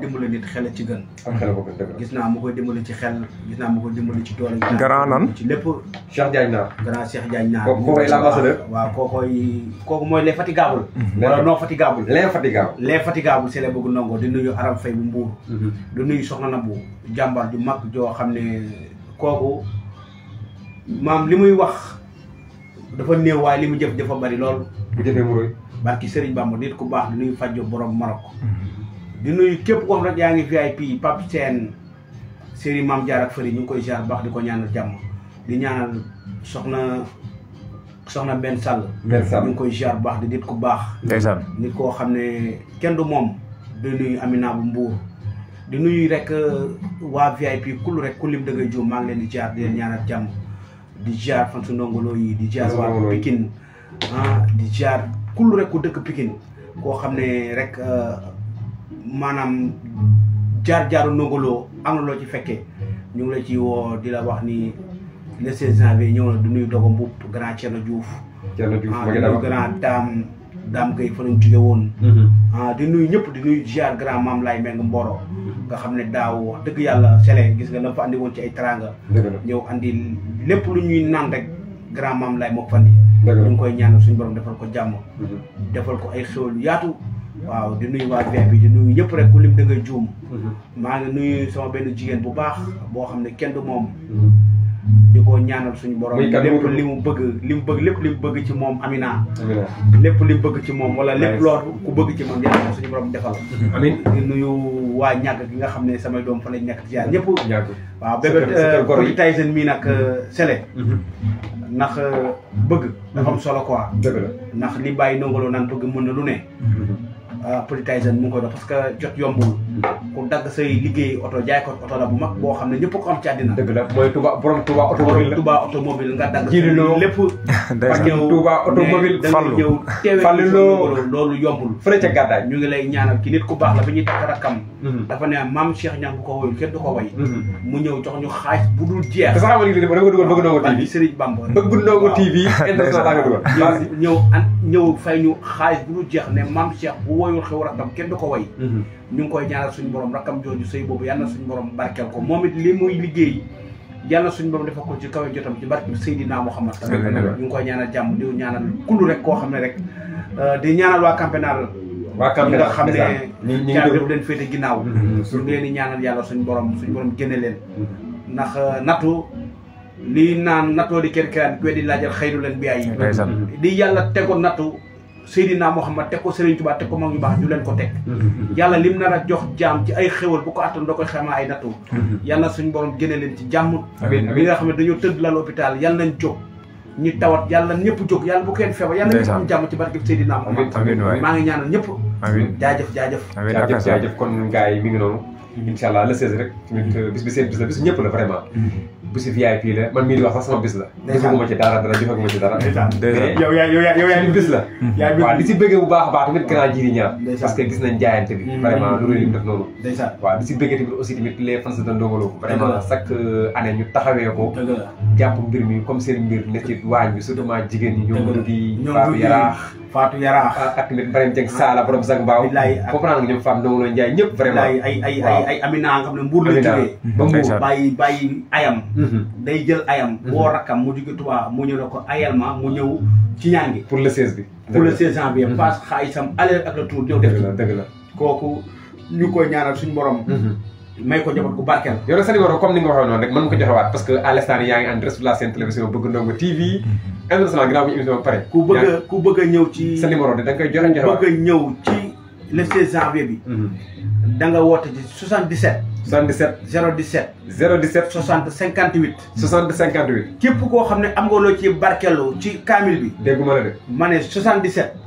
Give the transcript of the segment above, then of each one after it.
dimbali nit xel ci gën. am xel ko gën gis naa mu koy dimbali ci xel gis naa mu koy dimbali ci doole. grand nan ci lépp. Cheikh Diagne Naar. grand kooku waaw kooku kooku mooy les fatigables. Mm-hmm. wala non fatigables. les fatigables. les fatigables c'est les di nuyu Aram Faye bu Mbour. Mm-hmm. di nuyu Soxna Nabu jàmbaar ju mag joo xam ne kooku maam li muy wax dafa néew waaye li mu jëf dafa bari lool. bu jëfee mooy. barki Serigne Bamba nit ku baax di nuyu Fadio borom Marok. Mm-hmm. di nuyu képp koo xam yaa ngi VIP Pape Sène Serigne Mame Diarra ak Fëri ñu ngi koy jaar baax di ko ñaanal jàmm di soxna benn sàll ñu ngi koy jaar baax di nit ku baax nit koo xam ne kenn moom di nuyu Amina bu di nuyu rek euh, waa VIP kul rek ku lim maa ngi leen di jaar di leen ñaanal di jaar fan su ndongoloo yi di jaar waa ah, di jaar kul rek ku dëkk Pikine koo xam ne rek euh, maanaam jaar-jaaru Ndongo Lo am na loo ci fekkee ñu ngi la ci woo di la wax ni le 16 janvier ñëw na du nuyu Dogo Mboup grand Thierno Diouf. juuf Diouf ah, ma ngi daal grand Dame Dame Gueye fa lañ jóge woon. Mhm. Ah, di nuyu ñëpp di nuyu ziar grand maam lay meng Mboro. Mhm. nga xam ne daaw dëgg yàlla sele gis nga la fa andi woon ci ay teraanga. ñëw andi lépp lu ñuy naan rek grand maam laay moo fandi ñu ngi koy ñaanal suñu borom defal ko jàmm. Mhm. defal ko ay xéwal yaatu. waaw di nuyu waa VIP bi di ñëpp rek ku lim da nga mm-hmm. maa ngi nuyu sama benn jigéen bu baax boo xam ne kenn du moom. Mm-hmm. di ko ñaanal suñu borom lépp li mu bëgg li mu bëgg lépp li mu bëgg ci moom Amina lépp li mu bëgg ci moom wala lépp loo ku bëgg ci moom yàlla suñu borom defal mm-hmm. amiin di nuyu waa ñàkk gi nga xam ne sama doom fa lañ nekk ci yàlla ñëpp waaw bébé euh, Coly Tyson mii nag euh, sele ndax euh, bëgg dafa am solo quoi ndax li bàyyi nongoloo naan bëgg mun na lu ne Euh, Petit Tyson mu ngi koy parce que jot yombul ku dagg say liggéey oto jaay ko oto la bu mag boo xam ne ñëpp ko am ci àddina dëgg la mooy Touba borom Touba automobile lépp ñëw ñëw teewee loolu yombul fële ca gàddaay ñu ngi lay ñaanal ki nit ku baax la bi ñuy takk rakkam mhm. dafa ne maam Cheikh Niang bu ko woyul kenn du ko woy mhm. mu ñëw jox ñu xaaj bu dul jeex sax amal li dama ko dugal bëgg ndongo ne maam Cheikh bu woy woyul xew rakkam kenn du ko way mhm. ñu ngi koy ñaanal suñu borom rakkam jooju sëy boobu yàlla na suñu borom barkeel ko moom it li muy liggéey yàlla suñu borom dafa ko ci kawe jotam ci barke bi Seydina Muhammad ñu ngi koy di ñaanal kullu rek koo xam ne rek euh, di ñaanal waa Campenal waa Campenal nga xam ne jaagebu leen féete ginnaaw mhm, mhm, ñu ngi leen di ñaanal yàlla suñu borom suñu borom génne leen ndax euh, nattu lii naan nattoo di kerkeraan ku di laajal xëyru leen bi ay di yàlla tegoon nattu Seydina Muhammad teg ko Serigne Touba teg ko mag ñu baax ñu leen ko teg mhm. yàlla lim nar a jox jaam ci ay xéwal bu ko attan da koy xamaa ay nattu mhm. yàlla suñ borom génne leen ci jàmm bi nga xam ne dañoo tëdd lal hôpital yàlla nañ jóg ñu tawat yàlla ñëpp jóg yàlla bu kenn feebar yàlla ñëpp am jàmm ci barke Seydina Muhammad maa ngi ñaanal ñëpp jaajëf jaajëf jaajëf kon gars yi mi ngi noonu incha allah le 16 rek. Mm-hmm. tamit euh, bis bi bis la bis ñëpp la vraiment. Mm-hmm. bisu VIP la man mii di wax sax sama bis la. defaguma ci dara dara ci dara. dëgg yow yaa yow yaa yow yaa bis la. Mm-hmm. yaa bu baax que gis nañ noonu. ndeysaan waaw bëggee tamit aussi tamit les fans de Ndongo Lo vraiment chaque euh, année ñu taxawee ko. jàpp mbir mi comme seen mbir ne ci waañ bi surtout jigéen ñi ñoom di. ñoom di Fatou Yaraax ak Mariam Dieng Sala borom Zang Mbaaw bilaay comprendre nga ñoom Fam Ndongo Ndiaye ñëpp vraiment ay ay ay ay Amina nga xam la jógee mhm. ba Mbour bàyyi ayam mhm. day jël ayam boo mhm. rakkam mu jóge Touba mu ñëw ne ko ayal ma mu ñëw ci ñaangi pour le 16 bi pour le 16 janvier passe xaalisam aller ak le tour ñëw dëgg la dëgg la kooku ñu koy ñaanal suñu borom may ko njaboot bu barkeel yow nag Sadiboro comme ni nga waxee noonu rek mën nga ko joxewaat parce que à yaa ngi en direct sur seen télévision Bëgg Ndongo TV mm-hmm. international ginnaaw bu ñu émission ba pare ku bëgg a ku bëgg a ñëw ci sa numéro de da nga koy joxe joxewaat a ñëw ci le 16 janvier mm-hmm. koo xam ne am nga loo ci barkeelu ci kaamil bi déggu ma la de ma ne 77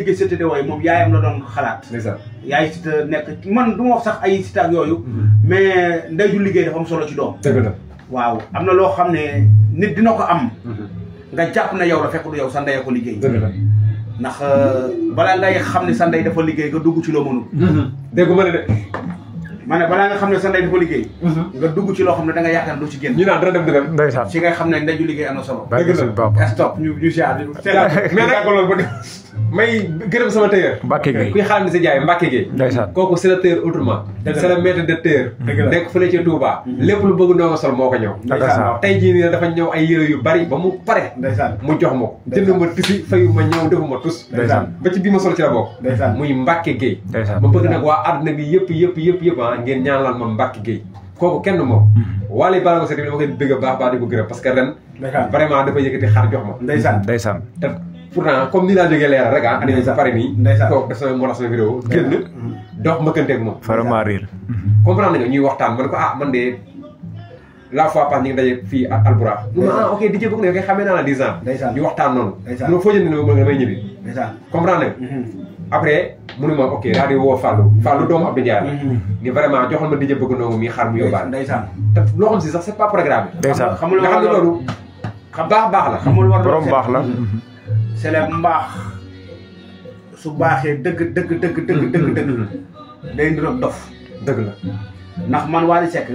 déggee Siteu de wooy moom yaayam la doon xalaat yaay Siteu nekk man du ma wax sax ay Siteu ak yooyu mhm. mais ndey ju liggéey dafa am solo ci doom waaw am na loo xam ne nit dina ko am mhm. nga jàpp na yow la fekk du yow sa ndey ko liggéey ndax euh, balaa ngay xam ne sa ndey dafa liggéey nga dugg ci loo mënul mhm. dégg ma de ma ne balaa nga xam ne sa ndey di ko liggéey mhm. nga dugg ci loo xam ne da nga yaakaar ci génn ñu naan dara dem dëgg ndeysaan ci ba may gërëm sama tailleur Mbacke si jaay Mbacke Gueye ndeysaan kooku c'est le tailleur autrement c'est le maître de tailleur nekk fële ci mhm. lépp lu bëgg noo nga sol moo ko ñëw tey jii nii dafa ñëw ay yére yu bari ba mu pare mu jox ma ko jënd ma tisi fayu ma ñëw defu ma tus ba ci bii ma sol ci la bokk muy Mbacke Gueye ma bëgg nag waa àdduna bi yëpp yëpp yëpp yëpp ah. ngeen ñaanal ma Mbacke Gueye koku kenn moom mm-hmm. Wally Ballago Seck dama koy bëgg baax baax di ko gëre parce que ren vraiment dafa yëkëti xar jox ma ndaysan ndaysan pourtant comme ni la jógee leeral rek ah ni sa pare ndaysan ko def sama moo tax vidéo génn mm-hmm. dox mbëkkante ak moom vraiment rir mm-hmm. comprendre nga ñuy waxtaan man ko ah man dé la fois pas ni nga dajé fi ak Albura ah ok DJ bëgg na yow kay xamee naa la 10 ans ñu waxtaan non ñu ma foo jënd ne ma damay ñibbi comprendre nga après munu ma ok daal di woo Fallou mm-hmm. Fallou doomu Abdou Ndiaye la mm-hmm. ni vraiment joxal ma dijë bëgg noomu mi xar mu yóbbaale ndeysaan te loo xam si sax c'est pas programme ndeysaan xam nga xam ne loolu baax baax la xamul war borom baax la mm-hmm. seleb mbaax su baaxee dëgg dëgg dëgg dëgg dëgg dëgg day niroog dof dëgg la ndax man Wally Seck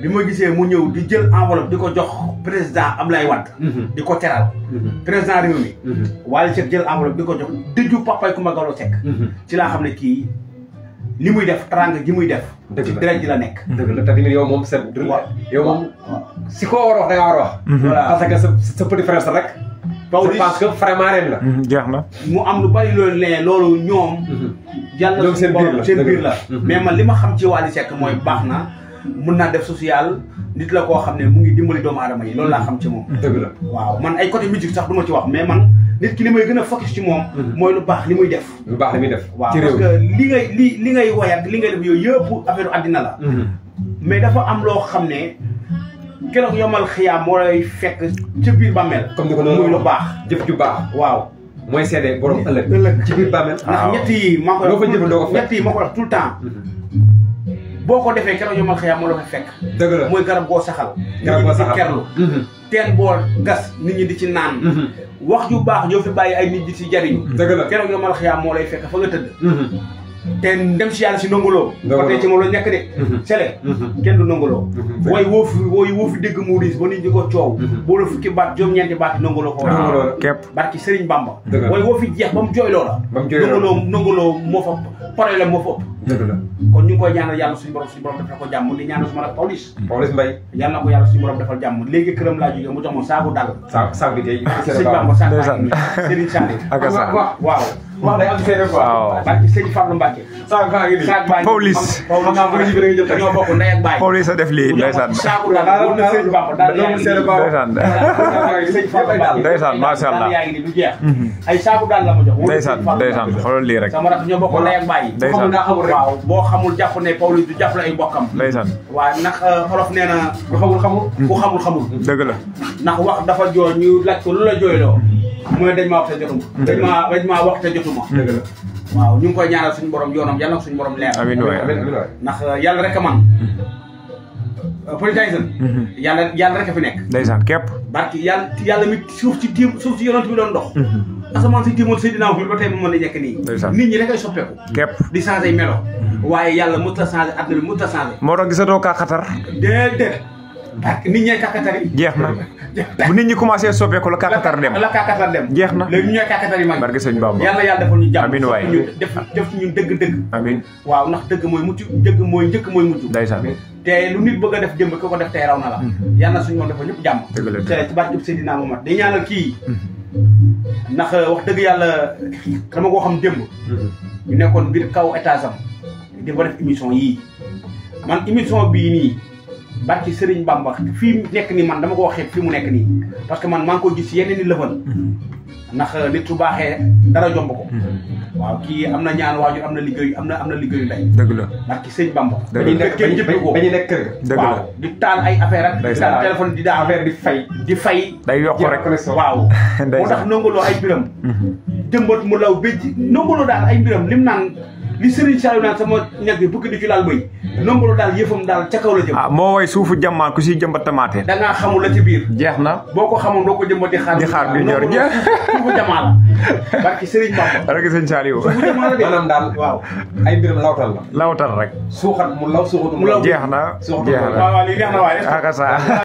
bima gisee mu ñew di jël enveloppe diko jox président Ablaye wat mhm. diko téral mhm. président réew mi. Mhm. Wally ci jël enveloppe diko jox deju papay ku ma galoo Seck. ci la xamne ki ni muy def trang gi muy def. dëgg la ci deret ji la nek deug la tamit yow mom sa. yow mom si ko war wax da nga war wax. parce que sa petit frère rek. Pawlish que vraiment ren la. jeex na. mu am lu bari loolu ne loolu ñoom. yàlla seen biir la seen biir la. mais man li xam ci Wally na. mun naa def social nit la koo xam ne mu ngi dimbali doomu adama yi loolu laa xam ci moom. dëgg la waaw man ay côté musique sax du ma ci wax mais man nit ki li may gën a focus ci moom. Mhm. mooy lu baax li muy def. lu baax li muy def waaw parce que li ngay li li ngay woy ak li ngay yooyu yëpp affaire àddina la. Mhm. mais dafa am loo xam ne. keroog yomal xiyaam moo lay fekk ci biir bàmmeel. comme ni muy lu baax jëf ju baax waaw. mooy seede borom ëllëg. ëllëg ci biir bàmmeel. ndax ñett yi maa koy wax ñett yi maa boo ko defee keroog yomal xëyaam moo la ko fekk. dëgg la mooy garab goo saxal. garab goo saxal nit ñi di kerlu. Mhm. teen boo gas nit ñi di ci naan. Mhm. wax ju baax ñoo fi bàyyi ay nit di ci jariñ. dëgg la keroog yomal xëyaam moo lay fekk fa nga tëdd. Mhm. te dem si yàlla si nongoloo côté ci moom la nekk de mhm. sele mhm. kenn du nongoloo wooy mhm. woo fi wooy woo fi dégg mu riis ba nit ñi ko coow boo la fukki baat juróom ñeenti baat nongoloo ko wa képp Bamba wooy woo fi jeex ba mu jooy loola nongoloo nongoloo moo fa pare la moo fa ëpp kon ñu ngi koy ñaanal yàlla suñu borom suñu borom defal ko jàmm di ñaanal suma nag Pawlish Pawlish Mbaye yàlla na ko yàlla suñu borom defal jàmm léegi këram laa jógee mu jox moom saabu dal saabu bi tey Sëriñ Bamba saabu wax day am séeréer quoi. waaw parce que sëñ Fallou Mbacke. saako kaa ngi nii saako baa ngi. Pawlish ñoo bokk ndey ak baay. Pawlish a def lii ndeysaan. saako la daal daal sëñ Bamba daal yaa ngi nii. ndeysaan macha allah. ay saako daal la ma jox. ndeysaan ndeysaan xoolal lii rek. sama rak ñoo bokk ndey ak baay. ndeysaan waaw boo xamul jàpp ne Pawlish du jàpp la ay mbokkam. ndeysaan waaw ndax xolof nee na. bu xamul xamul. bu xamul xamul. dëgg la. ndax wax dafa jooy ñu laaj ko lu la jooyloo mooy dañ maa wax jotuma. dañ maa dañ jotuma. waaw ñu ngi koy ñaanal suñu borom yoonam yàlla suñ borom leer. amiin waay amiin ndax euh, yàlla rek a man. Mm-hmm. Paul Tyson. Mm-hmm. yàlla yàlla rek a fi nekk. ndeysaan képp. barki yàlla yàlla mi suuf ci tiim suuf ci yonent bi doon dox. Mm-hmm. asamaan si tiimoon Seydina Muhammad ba tey mu mën a nekk nii. nit ñi rek ay soppeeku. képp di changé melo. waaye yàlla mënut a changé àdduna bi mënut a changé. moo tax gisatoo kaa xatar. déedéet. nit ñooy kàkkatar yi. jeex na bu nit ñi commencé soppeeku la kàkkatar dem la kàkkatar dem. jeex na léegi ñu ñooy kàkkatar yi mag. barke sëñ Bamba yàlla yàlla defal ñu def def ñun dëgg-dëgg. amiin waaw ndax dëgg mooy mucc dëgg mooy njëkk mooy mujj. ndeysaan te lu nit bëgg a def démb ko ko def tey na la. Mhm. yàlla suñu moom dafa ñëpp jàmm. dëgg la dëgg la ci ma day ñaanal kii mhm. ndax wax dëgg yàlla dama koo xam démb. Mhm. ñu nekkoon biir kaw étage am di ko def émission yii man émission bii nii ba ci serigne bamba fi nek ni man dama ko waxe fi mu nek ni parce que man man ko gis yenen ni leufal nax euh, nit bu baxé dara jom ko waaw ki amna ñaan wajur amna liggey amna amna liggey lay deug la nak ci serigne bamba dañu nek kenn jëpp ko dañu nek kër deug la di taal ay affaire ak di taal téléphone di da affaire di fay di fay day yok rek waaw motax nangulo ay biram mhm. jëmbat mu law bejj nangulo dal ay biram lim nang li Serigne Saliou naan sama ñag bi di ci laal bëy nombalu daal yëfam daal ca la jëm ah moo way suufu jammaan ku si jëmbat tamaate dangaa xamul la ci biir jeex na boo ko xamul doo ko jëmbat di xaar di bi ñor jeex suufu jamaa la barki Serigne daal waaw ay lawtal la lawtal rek suuxat mu law suuxatu mu law jeex na jeex na waaw